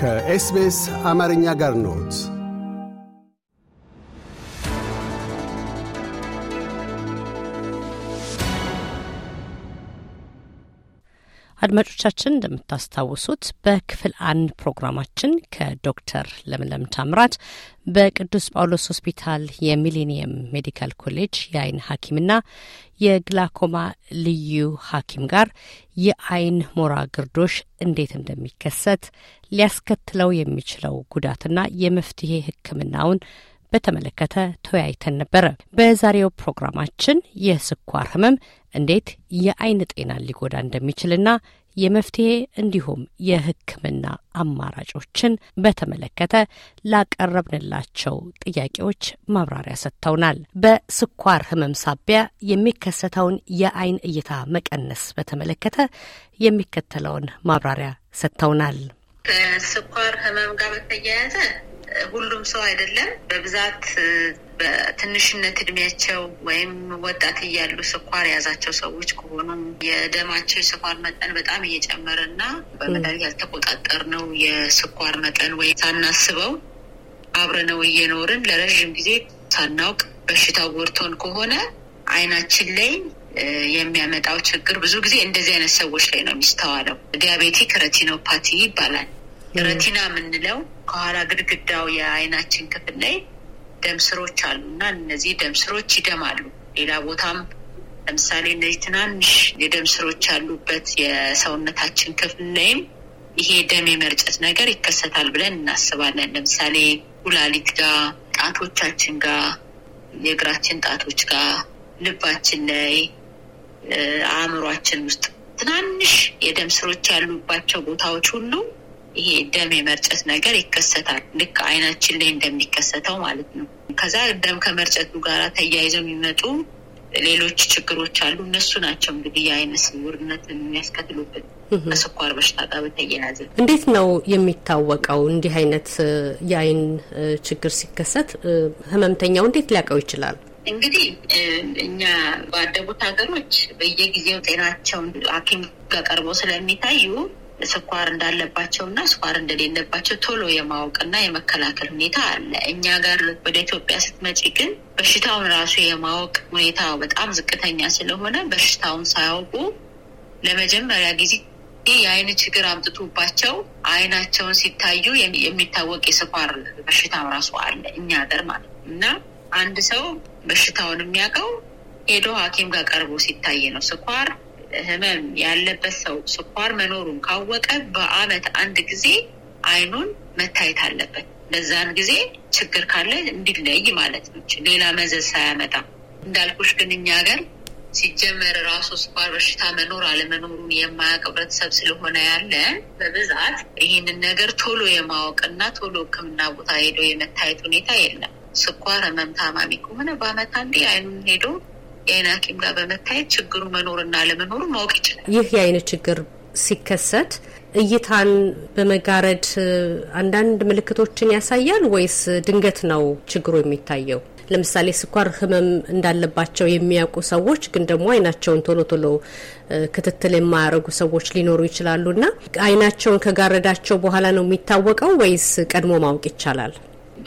ከኤስቤስ አማርኛ ጋር ኖት አድማጮቻችን እንደምታስታውሱት በክፍል አንድ ፕሮግራማችን ከዶክተር ለምለም ታምራት በቅዱስ ጳውሎስ ሆስፒታል የሚሊኒየም ሜዲካል ኮሌጅ የአይን ሐኪምና የግላኮማ ልዩ ሐኪም ጋር የአይን ሞራ ግርዶሽ እንዴት እንደሚከሰት ሊያስከትለው የሚችለው ጉዳትና የመፍትሄ ሕክምናውን በተመለከተ ተወያይተን ነበረ። በዛሬው ፕሮግራማችን የስኳር ህመም እንዴት የአይን ጤናን ሊጎዳ እንደሚችልና የመፍትሄ እንዲሁም የሕክምና አማራጮችን በተመለከተ ላቀረብንላቸው ጥያቄዎች ማብራሪያ ሰጥተውናል። በስኳር ህመም ሳቢያ የሚከሰተውን የአይን እይታ መቀነስ በተመለከተ የሚከተለውን ማብራሪያ ሰጥተውናል። ከስኳር ህመም ጋር በተያያዘ ሁሉም ሰው አይደለም። በብዛት በትንሽነት እድሜያቸው ወይም ወጣት እያሉ ስኳር የያዛቸው ሰዎች ከሆኑ የደማቸው የስኳር መጠን በጣም እየጨመረ እና በመድኃኒት ያልተቆጣጠርነው የስኳር መጠን ወይ ሳናስበው አብረነው እየኖርን ለረዥም ጊዜ ሳናውቅ በሽታው ጎድቶን ከሆነ አይናችን ላይ የሚያመጣው ችግር ብዙ ጊዜ እንደዚህ አይነት ሰዎች ላይ ነው የሚስተዋለው። ዲያቤቲክ ረቲኖፓቲ ይባላል። ረቲና የምንለው ከኋላ ግድግዳው የአይናችን ክፍል ላይ ደም ስሮች አሉ እና እነዚህ ደም ስሮች ይደማሉ። ሌላ ቦታም ለምሳሌ እነዚህ ትናንሽ የደም ስሮች ያሉበት የሰውነታችን ክፍል ላይም ይሄ ደም የመርጨት ነገር ይከሰታል ብለን እናስባለን። ለምሳሌ ኩላሊት ጋር፣ ጣቶቻችን ጋር፣ የእግራችን ጣቶች ጋር፣ ልባችን ላይ፣ አእምሯችን ውስጥ ትናንሽ የደም ስሮች ያሉባቸው ቦታዎች ሁሉ ይሄ ደም የመርጨት ነገር ይከሰታል። ልክ አይናችን ላይ እንደሚከሰተው ማለት ነው። ከዛ ደም ከመርጨቱ ጋር ተያይዘው የሚመጡ ሌሎች ችግሮች አሉ። እነሱ ናቸው እንግዲህ የአይነ ስውርነት የሚያስከትሉበት ከስኳር በሽታ ጋር በተያያዘ። እንዴት ነው የሚታወቀው? እንዲህ አይነት የአይን ችግር ሲከሰት ህመምተኛው እንዴት ሊያውቀው ይችላል? እንግዲህ እኛ ባደጉት ሀገሮች በየጊዜው ጤናቸውን ሐኪም ጋር ቀርበው ስለሚታዩ ስኳር እንዳለባቸው እና ስኳር እንደሌለባቸው ቶሎ የማወቅና የመከላከል ሁኔታ አለ። እኛ ጋር ወደ ኢትዮጵያ ስትመጪ ግን በሽታውን ራሱ የማወቅ ሁኔታ በጣም ዝቅተኛ ስለሆነ በሽታውን ሳያውቁ ለመጀመሪያ ጊዜ የአይን ችግር አምጥቶባቸው አይናቸውን ሲታዩ የሚታወቅ የስኳር በሽታ ራሱ አለ እኛ ሀገር ማለት ነው። እና አንድ ሰው በሽታውን የሚያውቀው ሄዶ ሐኪም ጋር ቀርቦ ሲታይ ነው ስኳር ህመም ያለበት ሰው ስኳር መኖሩን ካወቀ በአመት አንድ ጊዜ አይኑን መታየት አለበት። በዛን ጊዜ ችግር ካለ እንዲለይ ማለት ነው፣ ሌላ መዘዝ ሳያመጣ። እንዳልኩሽ ግን እኛ ሀገር ሲጀመር ራሱ ስኳር በሽታ መኖር አለመኖሩን የማያውቅ ህብረተሰብ ስለሆነ ያለ በብዛት ይህንን ነገር ቶሎ የማወቅና ቶሎ ህክምና ቦታ ሄዶ የመታየት ሁኔታ የለም። ስኳር ህመም ታማሚ ከሆነ በአመት አንዴ አይኑን ሄዶ የአይን ሐኪም ጋር በመታየት ችግሩ መኖርና ለመኖሩ ማወቅ ይችላል። ይህ የአይን ችግር ሲከሰት እይታን በመጋረድ አንዳንድ ምልክቶችን ያሳያል ወይስ ድንገት ነው ችግሩ የሚታየው? ለምሳሌ ስኳር ህመም እንዳለባቸው የሚያውቁ ሰዎች ግን ደግሞ አይናቸውን ቶሎ ቶሎ ክትትል የማያደርጉ ሰዎች ሊኖሩ ይችላሉና አይናቸውን ከጋረዳቸው በኋላ ነው የሚታወቀው ወይስ ቀድሞ ማወቅ ይቻላል?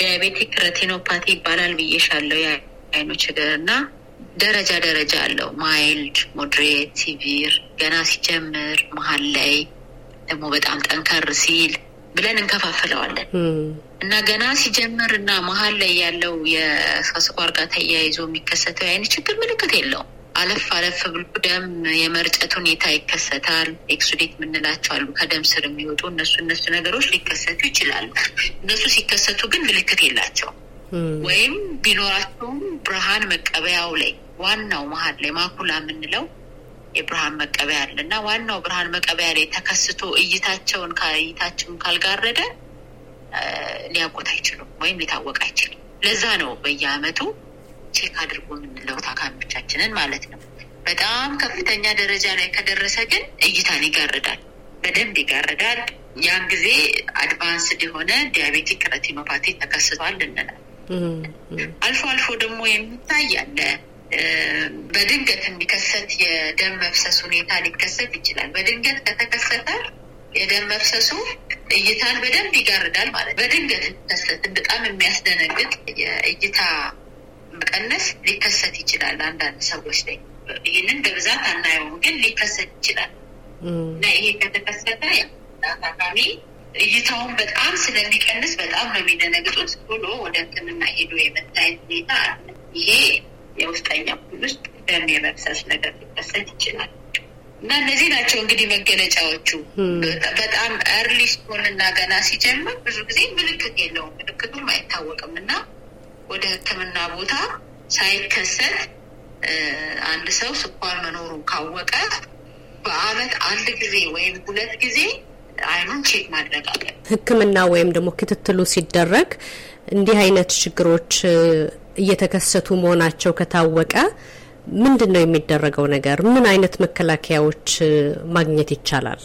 ዲያቤቲክ ረቲኖፓቲ ይባላል ብዬሻለሁ። የአይኖች እና ደረጃ ደረጃ አለው። ማይልድ፣ ሞድሬት፣ ሲቪር፣ ገና ሲጀምር፣ መሀል ላይ ደግሞ በጣም ጠንከር ሲል ብለን እንከፋፍለዋለን እና ገና ሲጀምር እና መሀል ላይ ያለው የሰው ጋር ተያይዞ የሚከሰተው የአይን ችግር ምልክት የለውም። አለፍ አለፍ ብሎ ደም የመርጨት ሁኔታ ይከሰታል። ኤክሱዴት የምንላቸው አሉ፣ ከደም ስር የሚወጡ እነሱ እነሱ ነገሮች ሊከሰቱ ይችላሉ። እነሱ ሲከሰቱ ግን ምልክት የላቸው ወይም ቢኖራቸውም ብርሃን መቀበያው ላይ ዋናው መሀል ላይ ማኩላ የምንለው የብርሃን መቀበያ አለ እና ዋናው ብርሃን መቀበያ ላይ ተከስቶ እይታቸውን ከእይታችን ካልጋረደ ሊያውቁት አይችሉም ወይም ሊታወቅ አይችልም። ለዛ ነው በየአመቱ ቼክ አድርጎ የምንለው ታካሚዎቻችንን ማለት ነው። በጣም ከፍተኛ ደረጃ ላይ ከደረሰ ግን እይታን ይጋርዳል፣ በደንብ ይጋርዳል። ያን ጊዜ አድቫንስ የሆነ ዲያቤቲክ ረቲኖፓቲ ተከስቷል እንላል። አልፎ አልፎ ደግሞ የሚታይ አለ በድንገት የሚከሰት የደም መፍሰስ ሁኔታ ሊከሰት ይችላል። በድንገት ከተከሰተ የደም መፍሰሱ እይታን በደንብ ይጋርዳል ማለት በድንገት የሚከሰት በጣም የሚያስደነግጥ የእይታ መቀነስ ሊከሰት ይችላል አንዳንድ ሰዎች ላይ። ይህንን በብዛት አናየውም፣ ግን ሊከሰት ይችላል እና ይሄ ከተከሰተ ታካሚ እይታውን በጣም ስለሚቀንስ በጣም ነው የሚደነግጡት ብሎ ወደ ሕክምና ሄዶ የመታየት ሁኔታ አለ። ይሄ ደም የመፍሰስ ነገር ሊከሰት ይችላል። እና እነዚህ ናቸው እንግዲህ መገለጫዎቹ። በጣም ኤርሊ ሲሆን እና ገና ሲጀምር ብዙ ጊዜ ምልክት የለውም፣ ምልክቱም አይታወቅም እና ወደ ሕክምና ቦታ ሳይከሰት አንድ ሰው ስኳር መኖሩን ካወቀ በአመት አንድ ጊዜ ወይም ሁለት ጊዜ አይኑን ቼክ ማድረግ አለ። ሕክምና ወይም ደግሞ ክትትሉ ሲደረግ እንዲህ አይነት ችግሮች እየተከሰቱ መሆናቸው ከታወቀ ምንድን ነው የሚደረገው ነገር? ምን አይነት መከላከያዎች ማግኘት ይቻላል?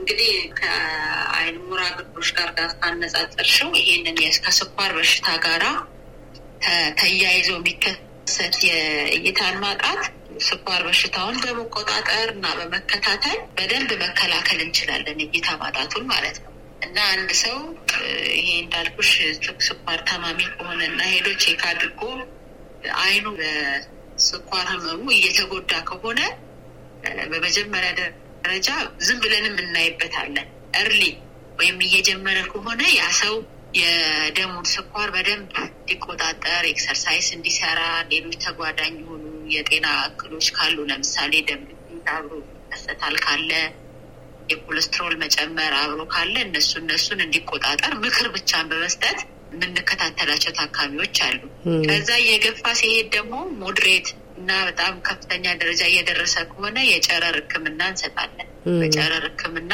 እንግዲህ ከአይን ሙራ ግርዶሽ ጋር ጋር አነጻጸርሽው ይህንን ከስኳር በሽታ ጋራ ተያይዞ የሚከሰት የእይታን ማጣት ስኳር በሽታውን በመቆጣጠር እና በመከታተል በደንብ መከላከል እንችላለን፣ እይታ ማጣቱን ማለት ነው። እና አንድ ሰው ይሄ እንዳልኩሽ ስኳር ታማሚ ከሆነ እና ሄዶ ቼክ አድርጎ አይኑ ስኳር ህመሙ እየተጎዳ ከሆነ በመጀመሪያ ደረጃ ዝም ብለንም እናይበታለን። እርሊ ወይም እየጀመረ ከሆነ ያ ሰው የደሙን ስኳር በደንብ እንዲቆጣጠር፣ ኤክሰርሳይስ እንዲሰራ፣ ሌሎች ተጓዳኝ የሆኑ የጤና እክሎች ካሉ ለምሳሌ ደም አብሮ ይከሰታል ካለ የኮለስትሮል መጨመር አብሮ ካለ እነሱ እነሱን እንዲቆጣጠር ምክር ብቻን በመስጠት የምንከታተላቸው ታካሚዎች አሉ። ከዛ እየገፋ ሲሄድ ደግሞ ሞድሬት እና በጣም ከፍተኛ ደረጃ እየደረሰ ከሆነ የጨረር ሕክምና እንሰጣለን። በጨረር ሕክምና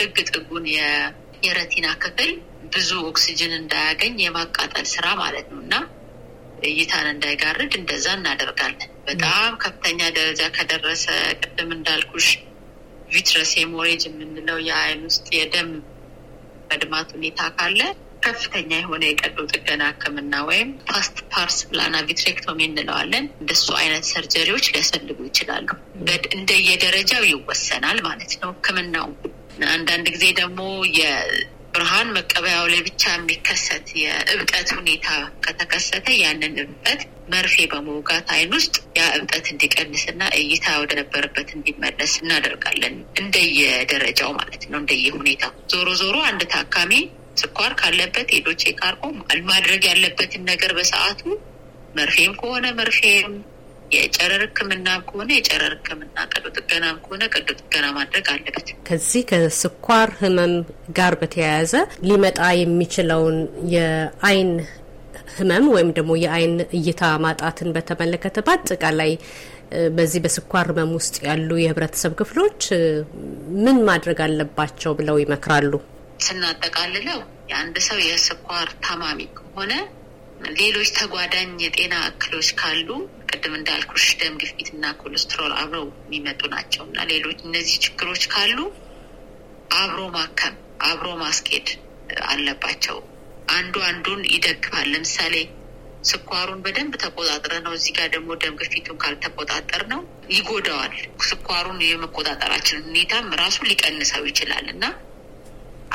ጥግ ጥጉን የረቲና ክፍል ብዙ ኦክሲጅን እንዳያገኝ የማቃጠል ስራ ማለት ነው እና እይታን እንዳይጋርድ እንደዛ እናደርጋለን። በጣም ከፍተኛ ደረጃ ከደረሰ ቅድም እንዳልኩሽ ቪትረስ ሄሞሬጅ የምንለው የአይን ውስጥ የደም መድማት ሁኔታ ካለ ከፍተኛ የሆነ የቀዶ ጥገና ህክምና ወይም ፓስት ፓርስ ፕላና ቪትሬክቶሚ እንለዋለን። እንደሱ አይነት ሰርጀሪዎች ሊያስፈልጉ ይችላሉ። እንደየደረጃው ይወሰናል ማለት ነው ህክምናው አንዳንድ ጊዜ ደግሞ ብርሃን መቀበያው ላይ ብቻ የሚከሰት የእብጠት ሁኔታ ከተከሰተ ያንን እብጠት መርፌ በመውጋት አይን ውስጥ ያ እብጠት ና እይታ ወደነበረበት እንዲመለስ እናደርጋለን። እንደየደረጃው ማለት ነው፣ እንደየ ዞሮ ዞሮ አንድ ታካሚ ስኳር ካለበት ሄዶ ቼክ አርጎ ማድረግ ያለበትን ነገር በሰዓቱ መርፌም ከሆነ መርፌም፣ የጨረር ሕክምና ከሆነ የጨረር ሕክምና፣ ቀዶ ጥገናም ከሆነ ቀዶ ጥገና ማድረግ አለበት። ከዚህ ከስኳር ህመም ጋር በተያያዘ ሊመጣ የሚችለውን የአይን ህመም ወይም ደግሞ የአይን እይታ ማጣትን በተመለከተ በአጠቃላይ በዚህ በስኳር ህመም ውስጥ ያሉ የህብረተሰብ ክፍሎች ምን ማድረግ አለባቸው ብለው ይመክራሉ? ስናጠቃልለው የአንድ ሰው የስኳር ታማሚ ከሆነ ሌሎች ተጓዳኝ የጤና እክሎች ካሉ ቅድም እንዳልኩሽ ደም ግፊት እና ኮሌስትሮል አብረው የሚመጡ ናቸው እና ሌሎች እነዚህ ችግሮች ካሉ አብሮ ማከም አብሮ ማስኬድ አለባቸው። አንዱ አንዱን ይደግፋል። ለምሳሌ ስኳሩን በደንብ ተቆጣጥረ ነው እዚህ ጋር ደግሞ ደም ግፊቱን ካልተቆጣጠር ነው ይጎዳዋል። ስኳሩን የመቆጣጠራችን ሁኔታም ራሱ ሊቀንሰው ይችላል እና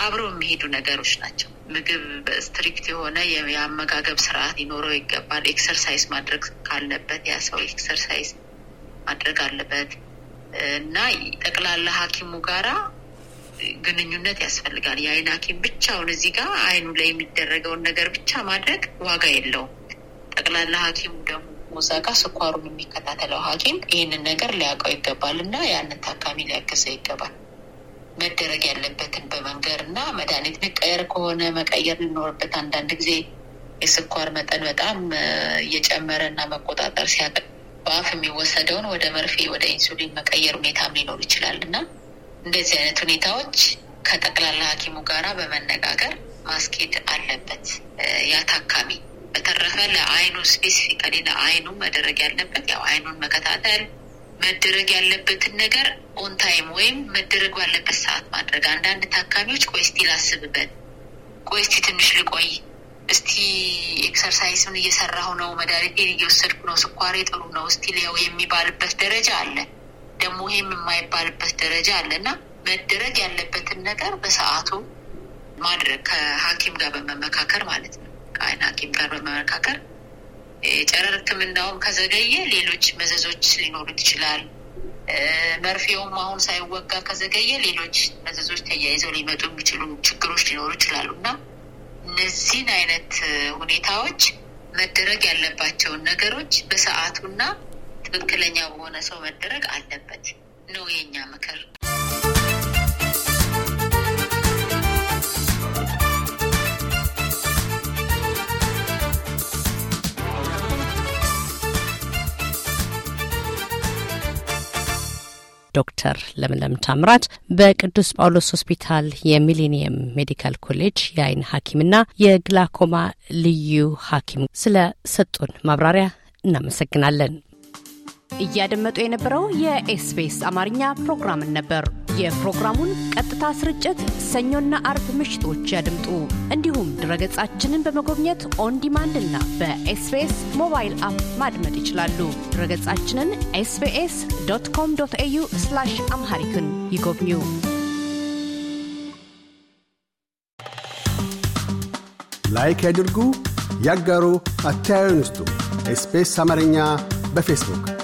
አብረው የሚሄዱ ነገሮች ናቸው። ምግብ ስትሪክት የሆነ የአመጋገብ ስርዓት ሊኖረው ይገባል። ኤክሰርሳይዝ ማድረግ ካለበት ያ ሰው ኤክሰርሳይዝ ማድረግ አለበት እና ጠቅላላ ሐኪሙ ጋራ ግንኙነት ያስፈልጋል። የአይን ሐኪም ብቻውን እዚህ ጋር አይኑ ላይ የሚደረገውን ነገር ብቻ ማድረግ ዋጋ የለውም። ጠቅላላ ሐኪሙ ደግሞ እዛ ስኳሩን የሚከታተለው ሐኪም ይህንን ነገር ሊያውቀው ይገባል እና ያንን ታካሚ ሊያገዘው ይገባል። መደረግ ያለበትን በመንገር እና መድኃኒት መቀየር ከሆነ መቀየር ሊኖርበት አንዳንድ ጊዜ የስኳር መጠን በጣም እየጨመረ እና መቆጣጠር ሲያቅ በአፍ የሚወሰደውን ወደ መርፌ ወደ ኢንሱሊን መቀየር ሁኔታም ሊኖር ይችላል እና እንደዚህ አይነት ሁኔታዎች ከጠቅላላ ሐኪሙ ጋራ በመነጋገር ማስኬድ አለበት ያ ታካሚ። በተረፈ ለአይኑ ስፔሲፊካሊ ለአይኑ መደረግ ያለበት ያው አይኑን መከታተል መደረግ ያለበትን ነገር ኦን ታይም ወይም መደረግ ባለበት ሰዓት ማድረግ። አንዳንድ ታካሚዎች ቆይ እስቲ ላስብበት፣ ቆይ እስቲ ትንሽ ልቆይ፣ እስቲ ኤክሰርሳይስን እየሰራሁ ነው፣ መድኃኒቴን እየወሰድኩ ነው፣ ስኳሬ ጥሩ ነው እስቲ ሊያው የሚባልበት ደረጃ አለ። ደግሞ ይሄም የማይባልበት ደረጃ አለ እና መደረግ ያለበትን ነገር በሰዓቱ ማድረግ ከሀኪም ጋር በመመካከር ማለት ነው ከአይን ሀኪም ጋር በመመካከር የጨረር ህክምናውም ከዘገየ ሌሎች መዘዞች ሊኖሩት ይችላል። መርፌውም አሁን ሳይወጋ ከዘገየ ሌሎች መዘዞች ተያይዘው ሊመጡ የሚችሉ ችግሮች ሊኖሩ ይችላሉ እና እነዚህን አይነት ሁኔታዎች መደረግ ያለባቸውን ነገሮች በሰዓቱና ትክክለኛ በሆነ ሰው መደረግ አለበት ነው የኛ ምክር። ዶክተር ለምለም ታምራት በቅዱስ ጳውሎስ ሆስፒታል የሚሊኒየም ሜዲካል ኮሌጅ የአይን ሐኪምና የግላኮማ ልዩ ሐኪም ስለ ሰጡን ማብራሪያ እናመሰግናለን። እያደመጡ የነበረው የኤስቢኤስ አማርኛ ፕሮግራምን ነበር። የፕሮግራሙን ቀጥታ ስርጭት ሰኞና አርብ ምሽቶች ያድምጡ። እንዲሁም ድረገጻችንን በመጎብኘት ኦን ዲማንድ እና በኤስቤስ ሞባይል አፕ ማድመጥ ይችላሉ። ድረገጻችንን ኤስቤስ ዶት ኮም ዶት ኤዩ አምሃሪክን ይጎብኙ። ላይክ ያድርጉ፣ ያጋሩ፣ አስተያየቱን ይስጡ። አማርኛ በፌስቡክ